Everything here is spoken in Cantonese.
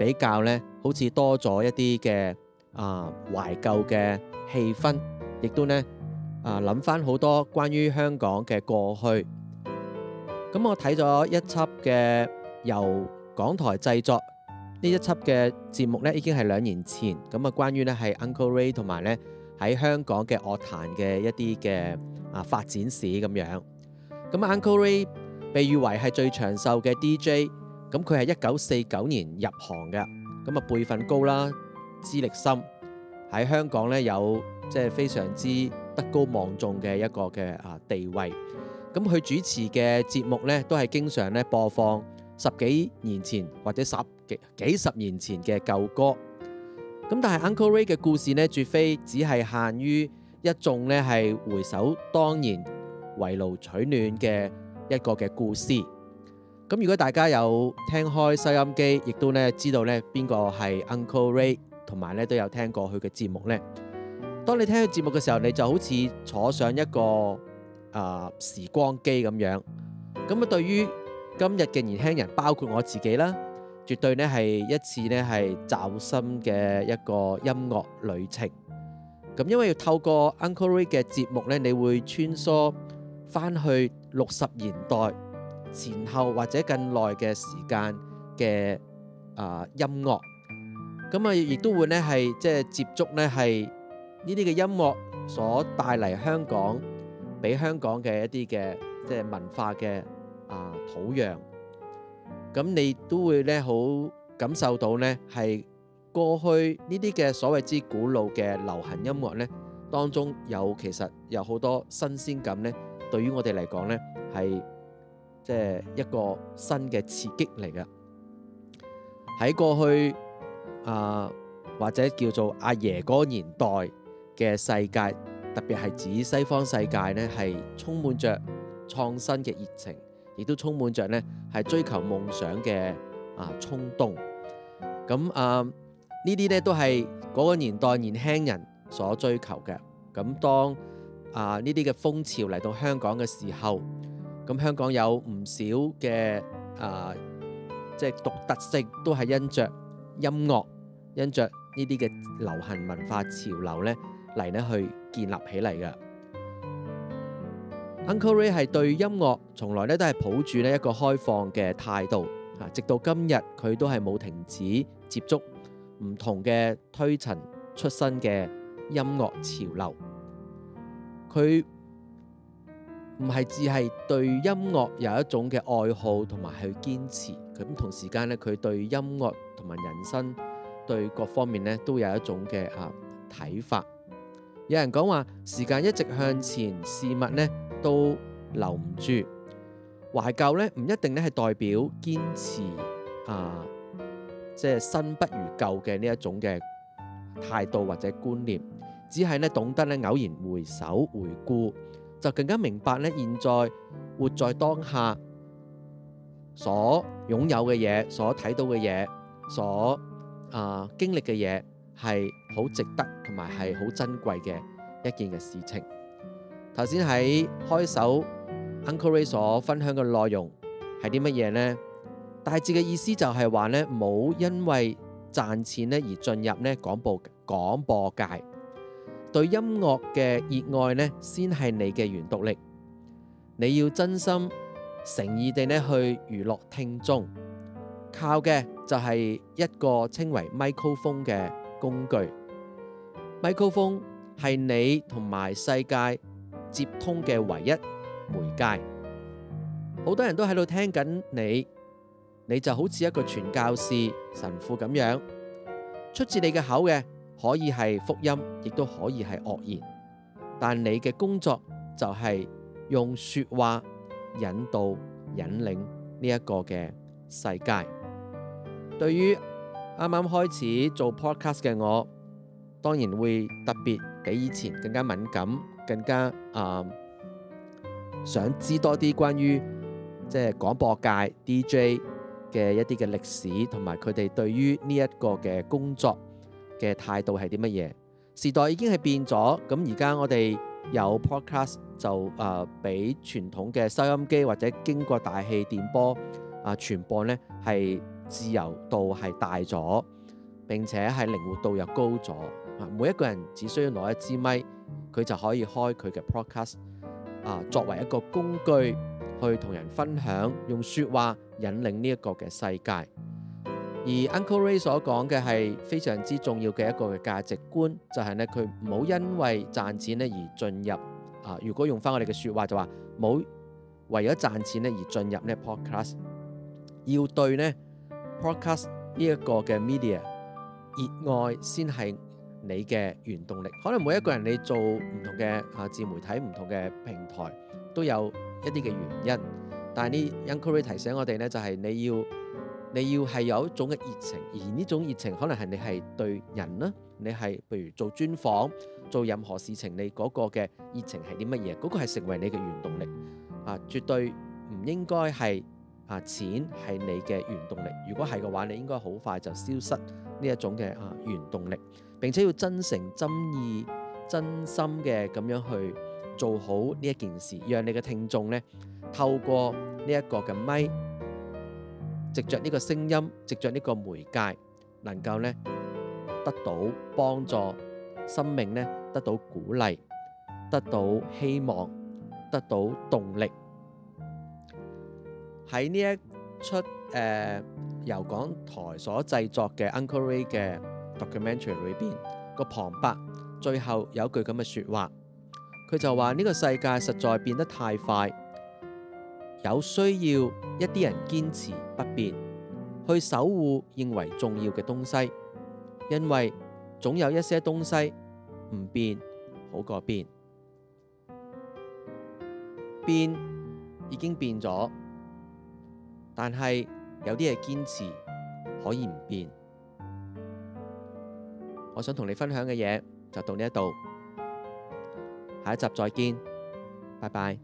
比較咧，好似多咗一啲嘅啊懷舊嘅氣氛，亦都咧啊諗返好多關於香港嘅過去。咁我睇咗一輯嘅由港台製作呢一輯嘅節目咧，已經係兩年前。咁啊，關於咧係 Uncle Ray 同埋咧喺香港嘅樂壇嘅一啲嘅啊發展史咁樣。咁 Uncle Ray 被譽為係最長壽嘅 DJ。咁佢係一九四九年入行嘅，咁啊輩份高啦，資歷深，喺香港咧有即係非常之德高望重嘅一個嘅啊地位。咁佢主持嘅節目咧，都係經常咧播放十幾年前或者十幾幾十年前嘅舊歌。咁但係 Uncle Ray 嘅故事咧，絕非只係限於一眾咧係回首當年圍爐取暖嘅一個嘅故事。咁如果大家有聽開收音機，亦都咧知道咧邊個係 Uncle Ray，同埋咧都有聽過佢嘅節目咧。當你聽佢節目嘅時候，你就好似坐上一個啊、呃、時光機咁樣。咁啊，對於今日嘅年輕人，包括我自己啦，絕對咧係一次咧係驀心嘅一個音樂旅程。咁因為要透過 Uncle Ray 嘅節目咧，你會穿梭翻去六十年代。前後或者更耐嘅時間嘅啊音樂，咁啊亦都會咧係即係接觸咧係呢啲嘅音樂所帶嚟香港，俾香港嘅一啲嘅即係文化嘅啊土壤。咁你都會咧好感受到咧係過去呢啲嘅所謂之古老嘅流行音樂咧，當中有其實有好多新鮮感咧，對於我哋嚟講咧係。即係一個新嘅刺激嚟嘅，喺過去啊、呃、或者叫做阿爺嗰年代嘅世界，特別係指西方世界呢，係充滿着創新嘅熱情，亦都充滿着呢，係追求夢想嘅啊衝動。咁啊呢啲呢，都係嗰個年代年輕人所追求嘅。咁當啊呢啲嘅風潮嚟到香港嘅時候。咁香港有唔少嘅啊，即係獨特性都係因着音樂，因着呢啲嘅流行文化潮流咧嚟咧去建立起嚟嘅。Uncle Ray 係對音樂從來咧都係抱住咧一個開放嘅態度，嚇，直到今日佢都係冇停止接觸唔同嘅推陳出新嘅音樂潮流，佢。唔係只係對音樂有一種嘅愛好同埋去堅持，咁同時間咧佢對音樂同埋人生對各方面咧都有一種嘅啊睇法。有人講話時間一直向前，事物咧都留唔住。懷舊咧唔一定咧係代表堅持啊，即係新不如舊嘅呢一種嘅態度或者觀念，只係咧懂得咧偶然回首回顧，就更加明白咧，現在活在當下所擁有嘅嘢、所睇到嘅嘢、所啊、呃、經歷嘅嘢，係好值得同埋係好珍貴嘅一件嘅事情。頭先喺開首 Uncle Ray 所分享嘅內容係啲乜嘢呢？大致嘅意思就係話呢冇因為賺錢咧而進入咧廣播廣播界。對音樂嘅熱愛呢，先係你嘅原動力。你要真心誠意地呢去娛樂聽眾，靠嘅就係一個稱為 microphone 嘅工具。microphone 係你同埋世界接通嘅唯一媒介。好多人都喺度聽緊你，你就好似一個傳教士、神父咁樣，出自你嘅口嘅。可以係福音，亦都可以係惡言。但你嘅工作就係用説話引導、引領呢一個嘅世界。對於啱啱開始做 podcast 嘅我，當然會特別比以前更加敏感，更加啊、呃、想知多啲關於即係廣播界 DJ 嘅一啲嘅歷史，同埋佢哋對於呢一個嘅工作嘅態度係啲乜嘢？時代已經係變咗，咁而家我哋有 podcast 就誒比、呃、傳統嘅收音機或者經過大氣電波啊傳播呢，係自由度係大咗，並且係靈活度又高咗。啊，每一個人只需要攞一支咪，佢就可以開佢嘅 podcast、啊、作為一個工具去同人分享，用説話引領呢一個嘅世界。而 Uncle Ray 所講嘅係非常之重要嘅一個嘅價值觀，就係咧佢唔好因為賺錢咧而進入啊！如果用返我哋嘅説話就話，冇為咗賺錢咧而進入呢 Podcast，要對呢 Podcast 呢一個嘅 media 熱愛先係你嘅原動力。可能每一個人你做唔同嘅啊自媒體唔同嘅平台，都有一啲嘅原因。但係呢 Uncle Ray 提醒我哋咧，就係你要。你要係有一種嘅熱情，而呢種熱情可能係你係對人啦，你係譬如做專訪，做任何事情，你嗰個嘅熱情係啲乜嘢？嗰個係成為你嘅原動力啊！絕對唔應該係啊錢係你嘅原動力。如果係嘅話，你應該好快就消失呢一種嘅啊原動力。並且要真誠、真意、真心嘅咁樣去做好呢一件事，讓你嘅聽眾呢透過呢一個嘅咪。藉着呢個聲音，藉着呢個媒介，能夠呢得到幫助，生命呢得到鼓勵，得到希望，得到動力。喺呢一出誒、呃、由港台所製作嘅 Uncle Ray 嘅 documentary 裏邊，個旁白最後有句咁嘅説話，佢就話：呢、呢個世界實在變得太快。有需要一啲人堅持不變，去守護認為重要嘅東西，因為總有一些東西唔變好過變。變已經變咗，但係有啲嘢堅持可以唔變。我想同你分享嘅嘢就到呢一度，下一集再見，拜拜。